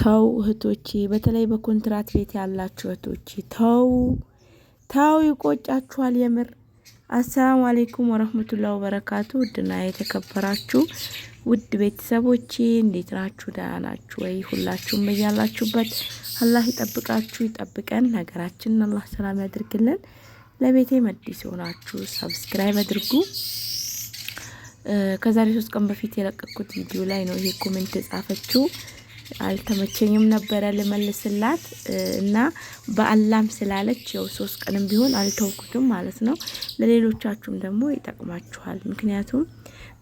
ተው እህቶቼ፣ በተለይ በኮንትራት ቤት ያላችሁ እህቶቼ ተው ተው፣ ይቆጫችኋል የምር። አሰላሙ አሌይኩም ወረህመቱላ ወበረካቱ። ውድና የተከበራችሁ ውድ ቤተሰቦቼ እንዴት ናችሁ? ደህና ናችሁ ወይ? ሁላችሁም በያላችሁበት አላህ ይጠብቃችሁ ይጠብቀን። ሀገራችንን አላህ ሰላም ያድርግልን። ለቤቴ መዲስ የሆናችሁ ሰብስክራይብ አድርጉ። ከዛሬ ሶስት ቀን በፊት የለቀኩት ቪዲዮ ላይ ነው ይሄ ኮሜንት የጻፈችው አልተመቸኝም ነበረ ልመልስላት እና በአላም ስላለች ያው ሶስት ቀንም ቢሆን አልተውኩትም ማለት ነው። ለሌሎቻችሁም ደግሞ ይጠቅማችኋል። ምክንያቱም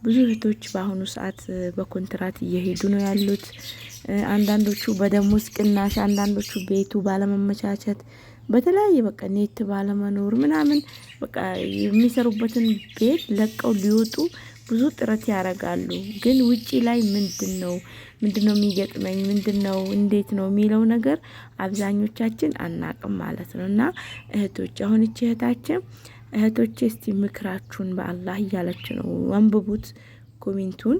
ብዙ እህቶች በአሁኑ ሰዓት በኮንትራት እየሄዱ ነው ያሉት። አንዳንዶቹ በደሞዝ ቅናሽ፣ አንዳንዶቹ ቤቱ ባለመመቻቸት፣ በተለያየ በቃ ኔት ባለመኖር ምናምን በቃ የሚሰሩበትን ቤት ለቀው ሊወጡ ብዙ ጥረት ያደርጋሉ። ግን ውጪ ላይ ምንድን ነው ምንድን ነው የሚገጥመኝ ምንድን ነው እንዴት ነው የሚለው ነገር አብዛኞቻችን አናቅም ማለት ነው። እና እህቶች አሁን እቺ እህታችን እህቶች እስቲ ምክራችሁን በአላህ እያለች ነው። አንብቡት ኮሜንቱን።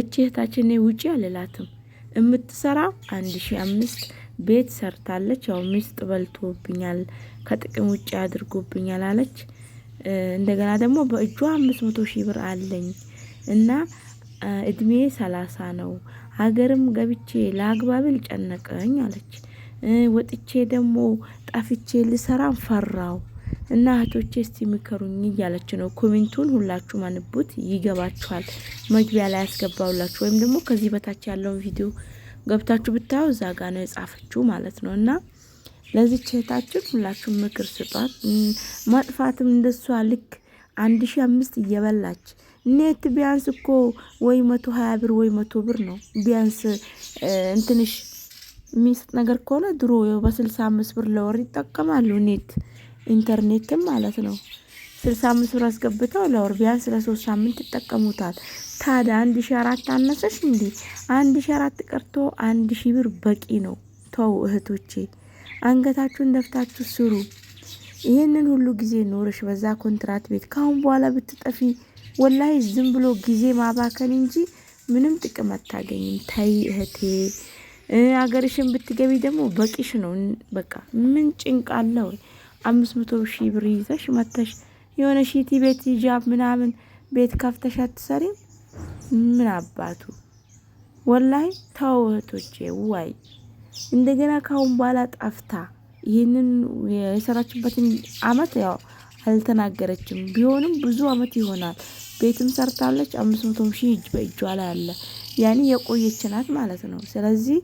እቺ እህታችን እኔ ውጪ አልላትም የምትሰራ አንድ ሺ አምስት ቤት ሰርታለች። ያው ሚስጥ በልቶብኛል፣ ከጥቅም ውጭ አድርጎብኛል አለች። እንደገና ደግሞ በእጇ አምስት መቶ ሺህ ብር አለኝ እና እድሜ ሰላሳ ነው ሀገርም ገብቼ ለአግባብ ልጨነቀኝ አለች። ወጥቼ ደግሞ ጣፍቼ ልሰራም ፈራው እና እህቶቼ እስቲ ምከሩኝ እያለች ነው። ኮሜንቱን ሁላችሁም አንቡት ይገባችኋል። መግቢያ ላይ ያስገባውላችሁ ወይም ደግሞ ከዚህ በታች ያለውን ቪዲዮ ገብታችሁ ብታየው እዛ ጋ ነው የጻፈችው ማለት ነው እና ለዚች እህታችን ሁላችሁም ምክር ስጧት። ማጥፋትም እንደሷ ልክ አንድ ሺ አምስት እየበላች ኔት ቢያንስ እኮ ወይ መቶ ሀያ ብር ወይ መቶ ብር ነው ቢያንስ እንትንሽ የሚሰጥ ነገር ከሆነ ድሮ በስልሳ አምስት ብር ለወር ይጠቀማሉ። ኔት ኢንተርኔትም ማለት ነው ስልሳ አምስት ብር አስገብተው ለወር ቢያንስ ለሶስት ሳምንት ይጠቀሙታል። ታዲያ አንድ ሺ አራት አነሰሽ እንዲህ አንድ ሺ አራት ቀርቶ አንድ ሺ ብር በቂ ነው። ተው እህቶቼ። አንገታችሁን ደፍታችሁ ስሩ። ይህንን ሁሉ ጊዜ ኖርሽ በዛ ኮንትራት ቤት ካሁን በኋላ ብትጠፊ ወላሂ ዝም ብሎ ጊዜ ማባከን እንጂ ምንም ጥቅም አታገኝም። ታይ እህቴ፣ አገርሽን ብትገቢ ደግሞ በቂሽ ነው። በቃ ምን ጭንቅ አለ ወይ? አምስት መቶ ሺ ብር ይዘሽ መተሽ የሆነ ሺቲ ቤት ሂጃብ ምናምን ቤት ከፍተሽ አትሰሪም? ምን አባቱ ወላይ ተው እህቶቼ ዋይ እንደገና ካሁን በኋላ ጠፍታ ይህንን የሰራችበትን አመት ያው አልተናገረችም። ቢሆንም ብዙ አመት ይሆናል። ቤትም ሰርታለች። አምስት መቶም ሺህ እጅ በእጇ ላይ አለ። ያኔ የቆየች ናት ማለት ነው። ስለዚህ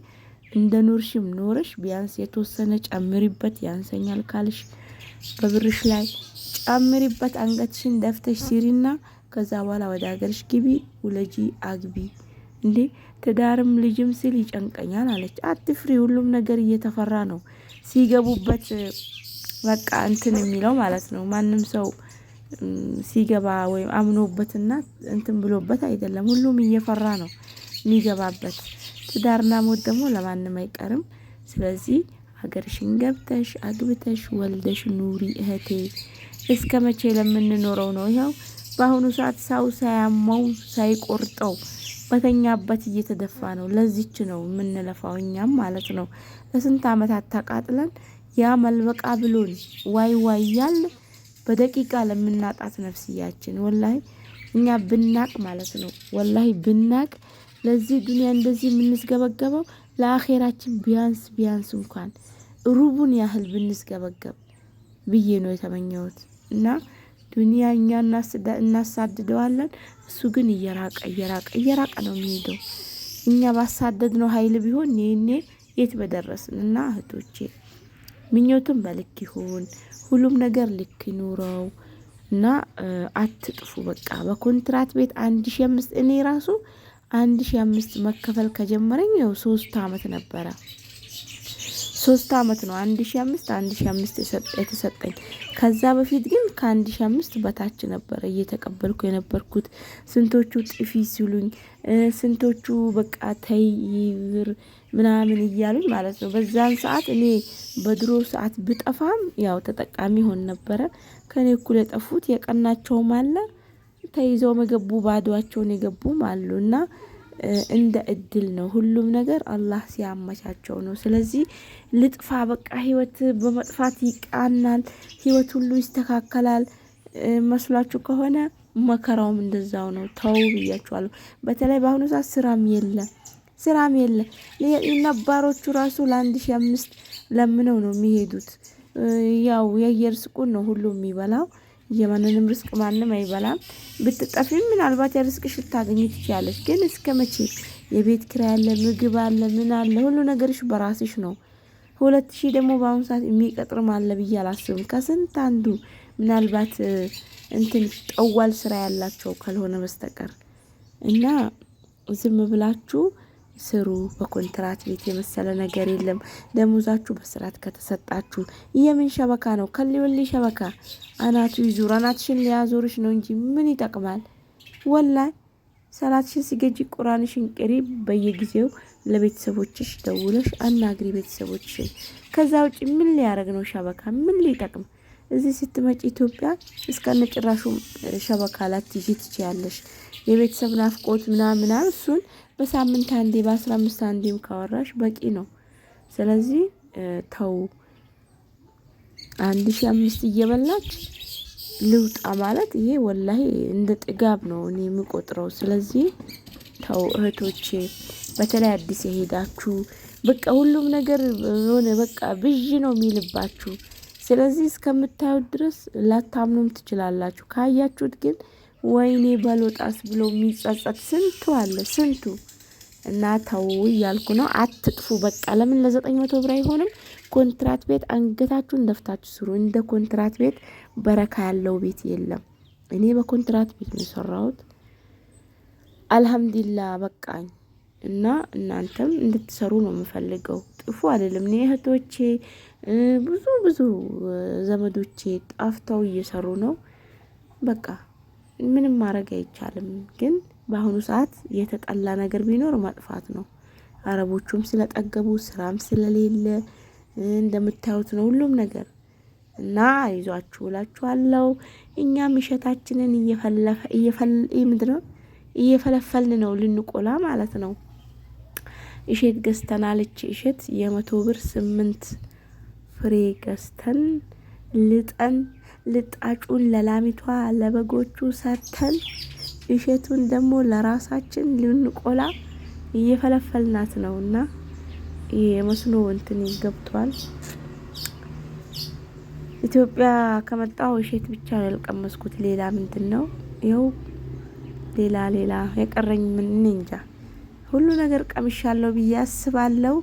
እንደ ኖርሽም ኖረሽ ቢያንስ የተወሰነ ጨምሪበት። ያንሰኛል ካልሽ በብርሽ ላይ ጨምሪበት። አንገትሽን ደፍተሽ ሲሪና ከዛ በኋላ ወደ ሀገርሽ ግቢ፣ ውለጂ፣ አግቢ። እንዴ ትዳርም ልጅም ስል ይጨንቀኛል አለች። አትፍሪ፣ ሁሉም ነገር እየተፈራ ነው ሲገቡበት በቃ እንትን የሚለው ማለት ነው። ማንም ሰው ሲገባ ወይም አምኖበትና እንትን ብሎበት አይደለም፣ ሁሉም እየፈራ ነው የሚገባበት። ትዳርና ሞት ደግሞ ለማንም አይቀርም። ስለዚህ ሀገርሽን ገብተሽ አግብተሽ ወልደሽ ኑሪ እህቴ። እስከ መቼ ለምንኖረው ነው? ይኸው በአሁኑ ሰዓት ሰው ሳያመው ሳይቆርጠው በተኛበት እየተደፋ ነው። ለዚች ነው የምንለፋው እኛም ማለት ነው። ለስንት ዓመታት ተቃጥለን ያ መልበቃ ብሎን ዋይ ዋይ ያል በደቂቃ ለምናጣት ነፍስያችን ወላሂ እኛ ብናቅ ማለት ነው ወላሂ ብናቅ ለዚህ ዱንያ እንደዚህ የምንስገበገበው ለአኼራችን ቢያንስ ቢያንስ እንኳን ሩቡን ያህል ብንስገበገብ ብዬ ነው የተመኘሁት እና ዱኒያ እኛ እናሳድደዋለን፣ እሱ ግን እየራቀ እየራቀ እየራቀ ነው የሚሄደው። እኛ ባሳደድ ነው ኃይል ቢሆን ይህኔ የት በደረስን። እና እህቶቼ ምኞቱም በልክ ይሁን፣ ሁሉም ነገር ልክ ይኑረው እና አትጥፉ። በቃ በኮንትራት ቤት አንድ ሺ አምስት እኔ ራሱ አንድ ሺ አምስት መከፈል ከጀመረኝ ያው ሶስት አመት ነበረ። ሶስት አመት ነው አንድ ሺ አምስት አንድ ሺ አምስት የተሰጠኝ። ከዛ በፊት ግን ከአንድ ሺ አምስት በታች ነበረ እየተቀበልኩ የነበርኩት። ስንቶቹ ጥፊ ሲሉኝ፣ ስንቶቹ በቃ ተይብር ምናምን እያሉኝ ማለት ነው። በዛን ሰዓት እኔ በድሮ ሰዓት ብጠፋም ያው ተጠቃሚ ሆን ነበረ። ከኔ እኩል የጠፉት የቀናቸውም አለ ተይዘው መገቡ ባዷቸውን የገቡም አሉ እና እንደ እድል ነው። ሁሉም ነገር አላህ ሲያመቻቸው ነው። ስለዚህ ልጥፋ በቃ ህይወት በመጥፋት ይቃናል፣ ህይወት ሁሉ ይስተካከላል መስሏችሁ ከሆነ መከራውም እንደዛው ነው። ተው ብያችኋለሁ። በተለይ በአሁኑ ሰዓት ስራም የለ ስራም የለም። ነባሮቹ ራሱ ለአንድ ሺ አምስት ለምነው ነው የሚሄዱት። ያው የየርስቁን ነው ሁሉ የሚበላው የማንንም ርስቅ ማንም አይበላም። ብትጠፊም ምናልባት የርስቅሽ ልታገኝ ትችያለሽ። ግን እስከ መቼ? የቤት ኪራይ አለ፣ ምግብ አለ፣ ምን አለ፣ ሁሉ ነገርሽ በራስሽ ነው። ሁለት ሺህ ደግሞ በአሁኑ ሰዓት የሚቀጥርም አለ ብዬ አላስብም። ከስንት አንዱ ምናልባት እንትን ጠዋል ስራ ያላቸው ካልሆነ በስተቀር እና ዝም ብላችሁ ስሩ። በኮንትራት ቤት የመሰለ ነገር የለም። ደሞዛችሁ በስርዓት ከተሰጣችሁ የምን ሸበካ ነው? ከሌወሌ ሸበካ አናቱ ይዙር። አናትሽን ሊያዞርሽ ነው እንጂ ምን ይጠቅማል? ወላይ ሰላትሽን ሲገጂ ቁራንሽን ቅሪ። በየጊዜው ለቤተሰቦችሽ ደውለሽ አናግሪ ቤተሰቦችሽን። ከዛ ውጭ ምን ሊያደርግ ነው ሸበካ? ምን ሊጠቅም እዚህ ስትመጪ ኢትዮጵያ እስከነ ጭራሹ ሸበካ ላትይዢ ትችያለሽ። የቤተሰብ ናፍቆት ምናምን እሱን በሳምንት አንዴ በአስራ አምስት አንዴም ካወራሽ በቂ ነው። ስለዚህ ተው አንድ ሺ አምስት እየበላች ልውጣ ማለት ይሄ ወላሂ እንደ ጥጋብ ነው እኔ የምቆጥረው። ስለዚህ ተው እህቶቼ፣ በተለይ አዲስ የሄዳችሁ በቃ ሁሉም ነገር የሆነ በቃ ብዥ ነው የሚልባችሁ። ስለዚህ እስከምታዩት ድረስ ላታምኑም ትችላላችሁ። ካያችሁት ግን ወይኔ በሎጣስ ብሎ የሚጸጸት ስንቱ አለ ስንቱ እና ተው እያልኩ ነው። አትጥፉ በቃ። ለምን ለዘጠኝ መቶ ብር አይሆንም? ኮንትራት ቤት አንገታችሁን ደፍታችሁ ስሩ። እንደ ኮንትራት ቤት በረካ ያለው ቤት የለም። እኔ በኮንትራት ቤት ነው የሰራሁት። አልሐምዱሊላህ በቃኝ። እና እናንተም እንድትሰሩ ነው የምፈልገው። ጥፉ አይደለም እኔ እህቶቼ ብዙ ብዙ ዘመዶቼ ጣፍተው እየሰሩ ነው። በቃ ምንም ማድረግ አይቻልም። ግን በአሁኑ ሰዓት የተጠላ ነገር ቢኖር ማጥፋት ነው። አረቦቹም ስለጠገቡ ስራም ስለሌለ እንደምታዩት ነው ሁሉም ነገር እና ይዟችሁ እላችኋለሁ። እኛም እሸታችንን እየፈለፈ እየፈል ምንድን ነው እየፈለፈልን ነው ልንቆላ ማለት ነው። እሸት ገዝተናለች። እሸት የመቶ ብር ስምንት ፍሬ ገዝተን ልጠን ልጣጩን ለላሚቷ ለበጎቹ ሰርተን እሸቱን ደግሞ ለራሳችን ልንቆላ እየፈለፈልናት ነው እና የመስኖ እንትን ይገብቷል። ኢትዮጵያ ከመጣው እሸት ብቻ ነው ያልቀመስኩት። ሌላ ምንድን ነው ይኸው ሌላ ሌላ የቀረኝ ምን እንጃ ሁሉ ነገር ቀምሻለሁ ብዬ አስባለሁ።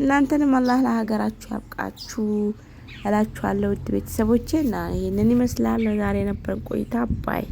እናንተንም አላህ ለሀገራችሁ ያብቃችሁ እላችኋለሁ ውድ ቤተሰቦቼ እና ይህንን ይመስላል ዛሬ የነበረን ቆይታ ባይ